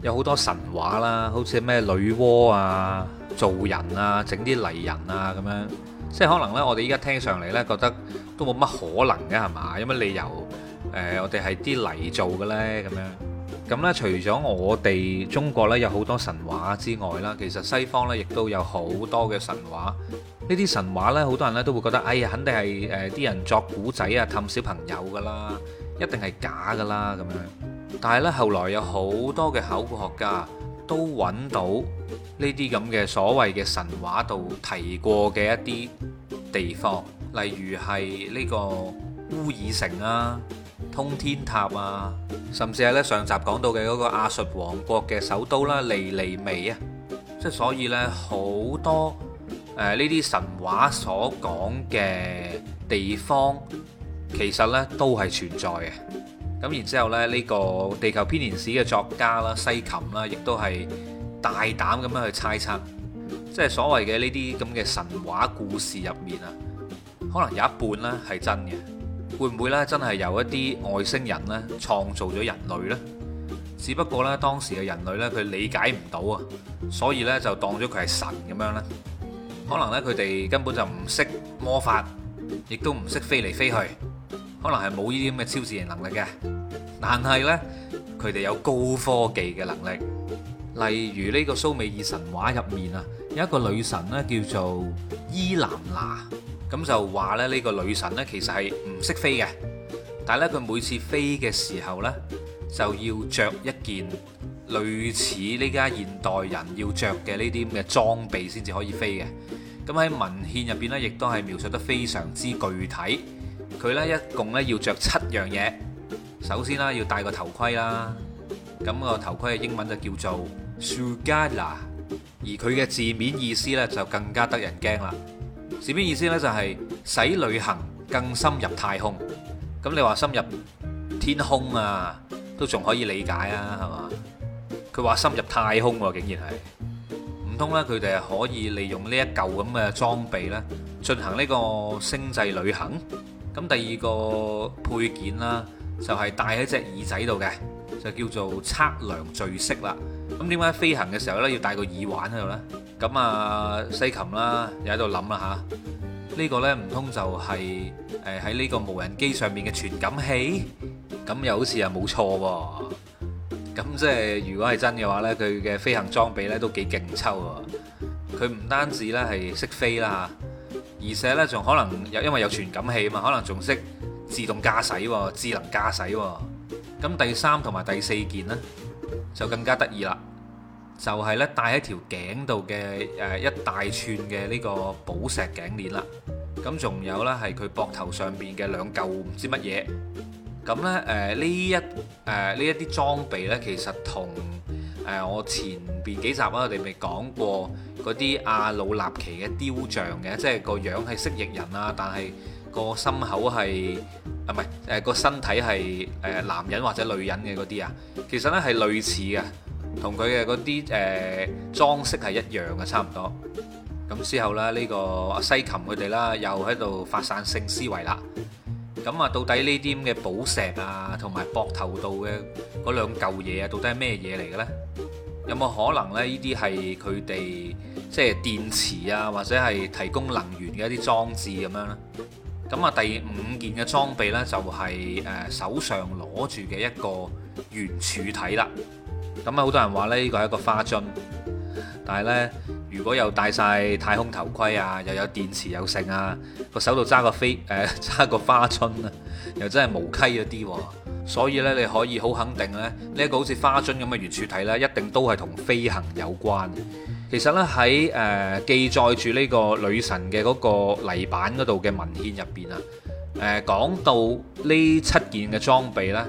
有好多神話啦，好似咩女媧啊、做人啊、整啲泥人啊咁樣，即係可能呢，我哋依家聽上嚟呢，覺得都冇乜可能嘅係嘛？有乜理由？誒、呃，我哋係啲泥做嘅呢，咁樣。咁呢，除咗我哋中國呢，有好多神話之外啦，其實西方呢，亦都有好多嘅神話。呢啲神話呢，好多人呢，都會覺得，哎呀，肯定係誒啲人作古仔啊、氹小朋友噶啦，一定係假噶啦咁樣。但係咧，後來有好多嘅考古學家都揾到呢啲咁嘅所謂嘅神話度提過嘅一啲地方，例如係呢個烏爾城啊、通天塔啊，甚至係咧上集講到嘅嗰個亞述王國嘅首都啦，尼尼微啊，即係所以呢，好多誒呢啲神話所講嘅地方，其實呢都係存在嘅。咁然之後咧，呢個地球編年史嘅作家啦，西琴啦，亦都係大膽咁樣去猜測，即係所謂嘅呢啲咁嘅神話故事入面啊，可能有一半咧係真嘅，會唔會咧真係由一啲外星人咧創造咗人類呢？只不過咧當時嘅人類咧佢理解唔到啊，所以咧就當咗佢係神咁樣咧，可能咧佢哋根本就唔識魔法，亦都唔識飛嚟飛去，可能係冇呢啲咁嘅超自然能力嘅。但係咧，佢哋有高科技嘅能力，例如呢個蘇美爾神話入面啊，有一個女神咧叫做伊南娜，咁就話咧呢個女神咧其實係唔識飛嘅，但係咧佢每次飛嘅時候咧，就要著一件類似呢家現代人要著嘅呢啲咁嘅裝備先至可以飛嘅。咁喺文獻入邊咧，亦都係描述得非常之具體，佢咧一共咧要著七樣嘢。首先啦，要戴個頭盔啦，咁個頭盔嘅英文就叫做 sugar，而佢嘅字面意思咧就更加得人驚啦。字面意思咧就係使旅行更深入太空。咁你話深入天空啊，都仲可以理解啊，係嘛？佢話深入太空喎，竟然係，唔通咧佢哋係可以利用呢一嚿咁嘅裝備咧，進行呢個星際旅行？咁第二個配件啦。就係戴喺隻耳仔度嘅，就叫做測量聚式啦。咁點解飛行嘅時候咧要戴個耳環喺度咧？咁啊，西琴啦，又喺度諗啦吓。呢個咧唔通就係誒喺呢個無人機上面嘅傳感器？咁又好似又冇錯喎。咁即係如果係真嘅話咧，佢嘅飛行裝備咧都幾勁抽。佢唔單止咧係識飛啦吓，而且咧仲可能有因為有傳感器啊嘛，可能仲識。自動駕駛喎，智能駕駛喎，咁第三同埋第四件呢，就更加得意啦，就係、是、呢戴喺條頸度嘅誒一大串嘅呢個寶石頸鏈啦，咁仲有呢係佢膊頭上邊嘅兩嚿唔知乜嘢，咁咧誒呢、呃、一誒呢一啲裝備呢，其實同誒、呃、我前邊幾集啦、啊，我哋未講過嗰啲阿努納奇嘅雕像嘅，即係個樣係蜥蜴人啊，但係。個心口係啊，唔係誒個身體係誒男人或者女人嘅嗰啲啊，其實呢係類似嘅，同佢嘅嗰啲誒裝飾係一樣嘅，差唔多咁之後咧呢個西琴佢哋啦又喺度發散性思維啦。咁啊，到底呢啲咁嘅寶石啊，同埋膊頭度嘅嗰兩嚿嘢啊，到底係咩嘢嚟嘅呢？有冇可能呢？呢啲係佢哋即係電池啊，或者係提供能源嘅一啲裝置咁樣咧？咁啊，第五件嘅裝備呢，就係誒手上攞住嘅一個圓柱體啦。咁啊，好多人話咧，呢個係一個花樽。但係呢，如果有戴晒太空頭盔啊，又有電池有剩啊，個手度揸個飛誒揸、呃、個花樽啊，又真係無稽一啲喎。所以呢，你可以好肯定咧，呢、呢、一個好似花樽咁嘅圓柱體呢，一定都係同飛行有關。其實咧，喺誒記載住呢個女神嘅嗰個泥板嗰度嘅文獻入邊啊，誒講到呢七件嘅裝備呢，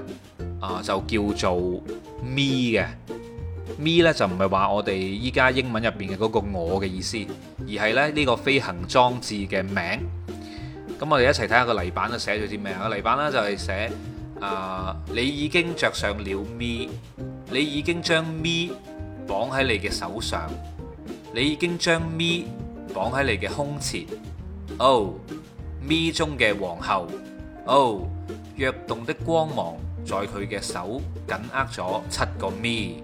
啊，就叫做咪嘅咪咧就唔係話我哋依家英文入邊嘅嗰個我嘅意思，而係咧呢個飛行裝置嘅名。咁我哋一齊睇下個泥板咧寫咗啲咩啊？泥板呢就係寫啊，你已經着上了咪，你已經將咪綁喺你嘅手上。你已經將咪綁喺你嘅胸前，oh, 咪中嘅皇后，oh 躍動的光芒，在佢嘅手緊握咗七個咪，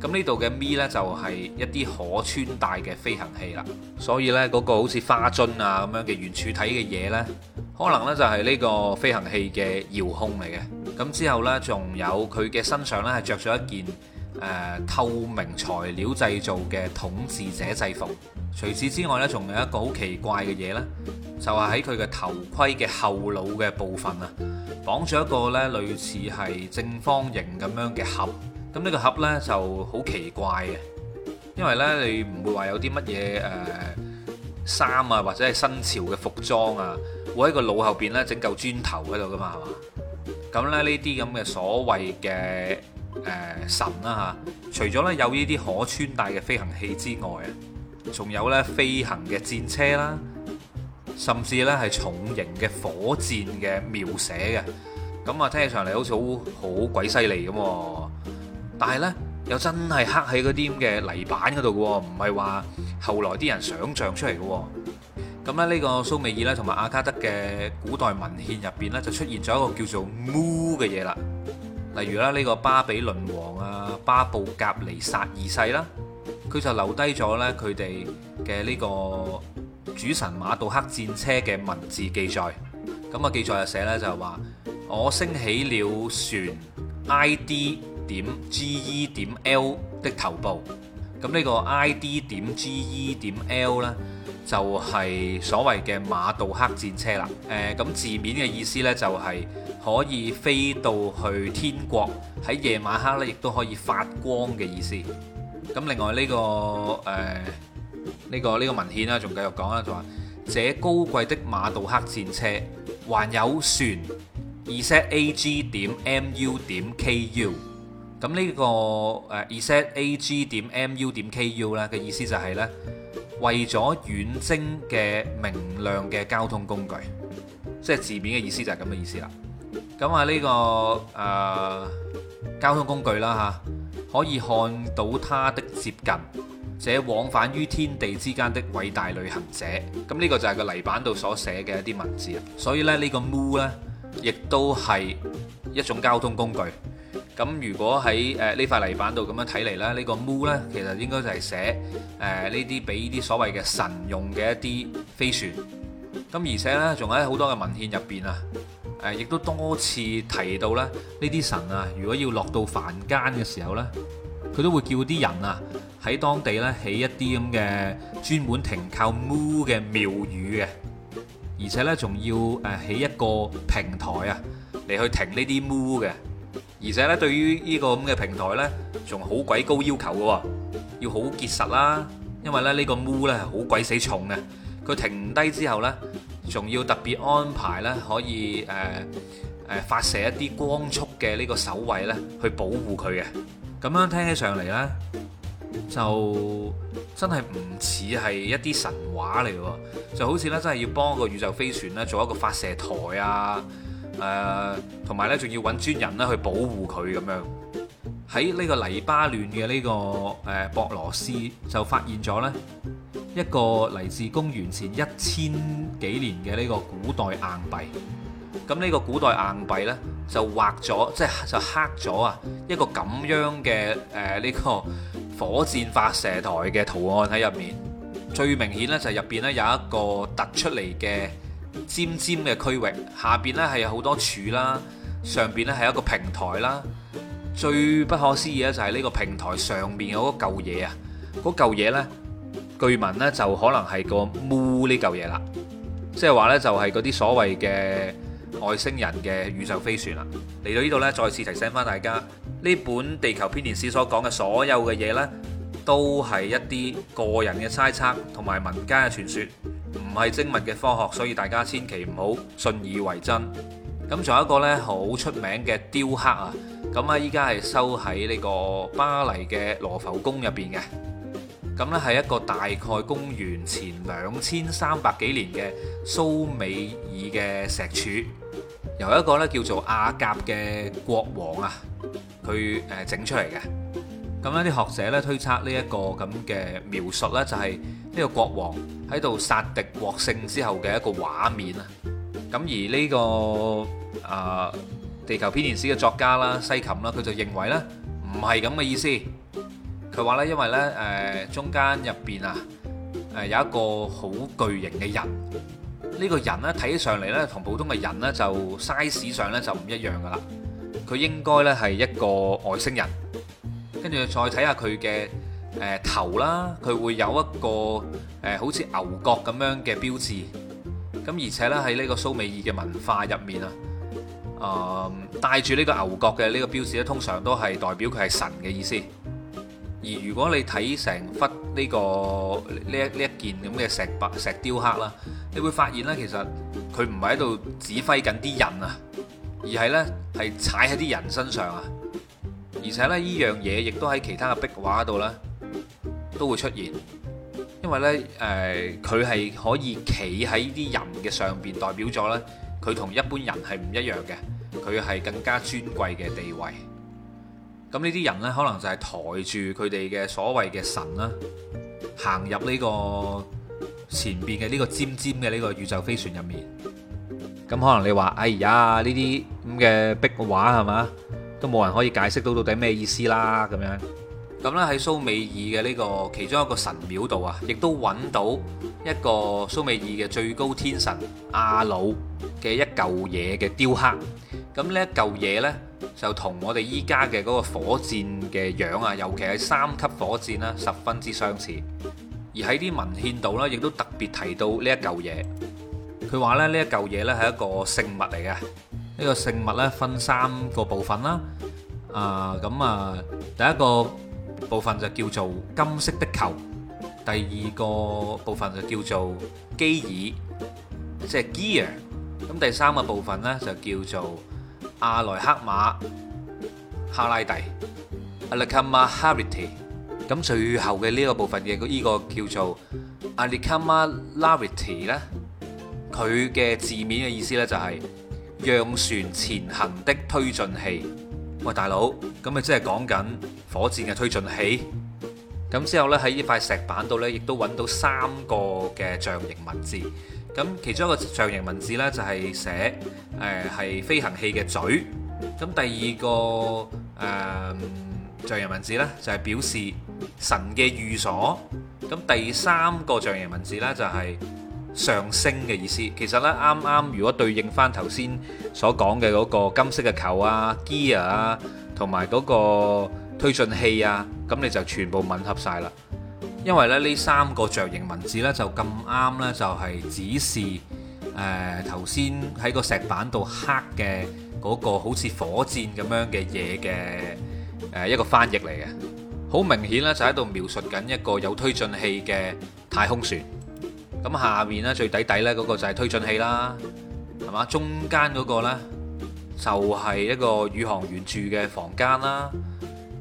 咁呢度嘅咪呢，就係一啲可穿戴嘅飛行器啦，所以呢，嗰個好似花樽啊咁樣嘅圓柱體嘅嘢呢，可能呢就係呢個飛行器嘅遙控嚟嘅，咁之後呢，仲有佢嘅身上呢，係着咗一件。誒、呃、透明材料製造嘅統治者制服。除此之外呢，仲有一個好奇怪嘅嘢呢，就係喺佢嘅頭盔嘅後腦嘅部分啊，綁住一個呢類似係正方形咁樣嘅盒。咁呢個盒呢就好奇怪嘅，因為呢，你唔會話有啲乜嘢誒衫啊，或者係新潮嘅服裝啊，會喺個腦後邊咧整嚿磚頭喺度噶嘛，係嘛？咁咧呢啲咁嘅所謂嘅。誒、呃，神啦、啊、吓，除咗咧有呢啲可穿戴嘅飛行器之外啊，仲有咧飛行嘅戰車啦、啊，甚至咧係重型嘅火箭嘅描寫嘅，咁、嗯、啊聽起上嚟，好似好好鬼犀利咁，但係咧又真係刻喺嗰啲咁嘅泥板嗰度嘅，唔係話後來啲人想象出嚟嘅、啊，咁咧呢個蘇美爾咧同埋阿卡德嘅古代文獻入邊咧就出現咗一個叫做 Mu 嘅嘢啦。例如啦，呢個巴比倫王啊，巴布甲尼撒二世啦，佢就留低咗呢佢哋嘅呢個主神馬杜克戰車嘅文字記載。咁、那、啊、個、記載就寫呢，就係話：我升起了船，I D. 點 G E. 點 L 的頭部。咁呢個 I D 點 G E 點 L 咧，就係、是、所謂嘅馬杜克戰車啦。誒、呃，咁字面嘅意思呢，就係、是、可以飛到去天國，喺夜晚黑呢，亦都可以發光嘅意思。咁另外呢、這個誒呢、呃這個呢、這個文獻啦，仲繼續講啦，就話這高貴的馬杜克戰車還有船，而 set A G 點 M U 點 K U。咁呢個誒 reset ag 點 mu 點 ku 咧嘅意思就係呢：為咗遠征嘅明亮嘅交通工具，即係字面嘅意思就係咁嘅意思啦。咁啊呢個誒、呃、交通工具啦嚇，可以看到它的接近，這往返於天地之間的偉大旅行者。咁呢個就係個泥板度所寫嘅一啲文字。所以咧呢個 mu 呢，亦都係一種交通工具。咁如果喺誒呢塊泥板度咁樣睇嚟咧，這個、呢個 MU 咧其實應該就係寫誒呢啲俾呢啲所謂嘅神用嘅一啲飛船。咁、呃、而且呢，仲喺好多嘅文獻入邊啊，誒、呃、亦都多次提到咧呢啲神啊，如果要落到凡間嘅時候呢，佢都會叫啲人啊喺當地呢起一啲咁嘅專門停靠 MU 嘅廟宇嘅，而且呢，仲要誒起一個平台啊嚟去停呢啲 MU 嘅。而且咧，對於呢個咁嘅平台呢，仲好鬼高要求嘅，要好結實啦。因為咧，呢個 Mu 咧，好鬼死重嘅。佢停低之後呢，仲要特別安排呢，可以誒誒、呃呃、發射一啲光速嘅呢個守衞呢，去保護佢嘅。咁樣聽起上嚟呢，就真係唔似係一啲神話嚟喎。就好似呢，真係要幫個宇宙飛船呢，做一個發射台啊！誒，同埋、呃、呢，仲要揾專人咧去保護佢咁樣。喺呢個黎巴嫩嘅呢、這個誒、呃、博羅斯，就發現咗呢一個嚟自公元前一千幾年嘅呢個古代硬幣。咁、嗯、呢、這個古代硬幣呢，就畫咗，即係就刻咗啊一個咁樣嘅誒呢個火箭發射台嘅圖案喺入面。最明顯呢，就係入邊呢有一個突出嚟嘅。尖尖嘅區域，下邊呢係有好多柱啦，上邊呢係一個平台啦。最不可思議咧就係呢個平台上面有個舊嘢啊！嗰舊嘢呢，據聞呢就可能係個烏呢舊嘢啦，即係話呢，就係嗰啲所謂嘅外星人嘅宇宙飛船啦。嚟到呢度呢，再次提醒翻大家，呢本《地球編年史》所講嘅所有嘅嘢呢，都係一啲個人嘅猜測同埋民間嘅傳說。唔係精密嘅科學，所以大家千祈唔好信以為真。咁仲有一個咧，好出名嘅雕刻啊，咁啊依家係收喺呢個巴黎嘅羅浮宮入邊嘅。咁呢係一個大概公元前兩千三百幾年嘅蘇美爾嘅石柱，由一個咧叫做阿甲嘅國王啊，佢誒整出嚟嘅。咁樣，啲學者呢推測呢一個咁嘅描述呢，就係呢個國王喺度殺敵獲勝之後嘅一個畫面啦。咁而呢、這個啊、呃、地球編年史嘅作家啦，西琴啦，佢就認為呢唔係咁嘅意思。佢話呢，因為呢，誒、呃、中間入邊啊誒有一個好巨型嘅人，呢、這個人呢，睇起上嚟呢，同普通嘅人呢，就 size 上呢，就唔一樣噶啦。佢應該呢，係一個外星人。跟住再睇下佢嘅誒頭啦，佢會有一個誒、呃、好似牛角咁樣嘅標誌。咁而且咧，喺呢個蘇美爾嘅文化入面啊，誒、呃、帶住呢個牛角嘅呢個標誌咧，通常都係代表佢係神嘅意思。而如果你睇成忽呢個呢一呢一件咁嘅石石雕刻啦，你會發現咧其實佢唔係喺度指揮緊啲人啊，而係咧係踩喺啲人身上啊。而且咧，呢樣嘢亦都喺其他嘅壁畫度呢都會出現。因為呢，誒、呃，佢係可以企喺啲人嘅上邊，代表咗呢，佢同一般人係唔一樣嘅，佢係更加尊貴嘅地位。咁呢啲人呢，可能就係抬住佢哋嘅所謂嘅神啦，行入呢個前邊嘅呢個尖尖嘅呢個宇宙飛船入面。咁可能你話，哎呀，呢啲咁嘅壁畫係嘛？都冇人可以解釋到到底咩意思啦，咁樣。咁咧喺蘇美爾嘅呢個其中一個神廟度啊，亦都揾到一個蘇美爾嘅最高天神阿努嘅一嚿嘢嘅雕刻。咁呢一嚿嘢呢，就同我哋依家嘅嗰個火箭嘅樣啊，尤其係三級火箭啦，十分之相似。而喺啲文獻度咧，亦都特別提到呢一嚿嘢。佢話咧，呢一嚿嘢呢，係一個聖物嚟嘅。呢個聖物咧分三個部分啦，啊咁啊，第一個部分就叫做金色的球，第二個部分就叫做基爾，即係 gear，咁第三個部分咧就叫做阿萊克馬哈拉蒂 （Alakma Harity）。咁最後嘅呢個部分嘅呢個叫做阿萊克馬拉維蒂咧，佢嘅字面嘅意思咧就係，讓船前行的推進器，喂大佬，咁咪即係講緊火箭嘅推進器。咁之後呢，喺呢塊石板度呢，亦都揾到三個嘅象形文字。咁其中一個象形文字呢，就係、是、寫，誒、呃、係飛行器嘅嘴。咁第二個誒、呃、象形文字呢，就係、是、表示神嘅寓所。咁第三個象形文字呢，就係、是，上升嘅意思，其實呢啱啱如果對應翻頭先所講嘅嗰個金色嘅球啊、gear 啊，同埋嗰個推進器啊，咁你就全部吻合晒啦。因為咧呢三個象形文字呢，就咁啱呢，就係指示誒頭先喺個石板度刻嘅嗰個好似火箭咁樣嘅嘢嘅誒一個翻譯嚟嘅，好明顯呢，就喺度描述緊一個有推進器嘅太空船。咁下面咧最底底咧嗰個就係推進器啦，係嘛？中間嗰個咧就係一個宇航員住嘅房間啦。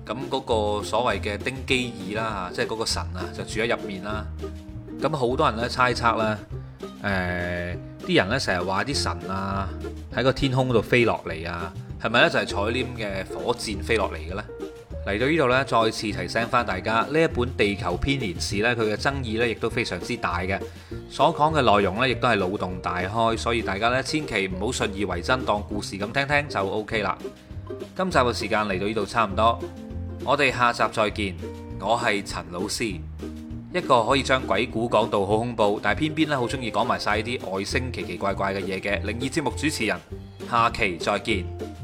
咁、那、嗰個所謂嘅丁基爾啦，吓即係嗰個神,、呃、神啊，就住喺入面啦。咁好多人咧猜測啦，誒，啲人咧成日話啲神啊喺個天空度飛落嚟啊，係咪咧就係坐呢咁嘅火箭飛落嚟嘅咧？嚟到呢度呢，再次提醒翻大家，呢一本《地球編年史》呢，佢嘅爭議呢亦都非常之大嘅，所講嘅內容呢亦都係腦洞大開，所以大家呢千祈唔好信以為真，當故事咁聽聽就 OK 啦。今集嘅時間嚟到呢度差唔多，我哋下集再見。我係陳老師，一個可以將鬼故講到好恐怖，但係偏偏咧好中意講埋晒啲外星奇奇怪怪嘅嘢嘅靈異節目主持人。下期再見。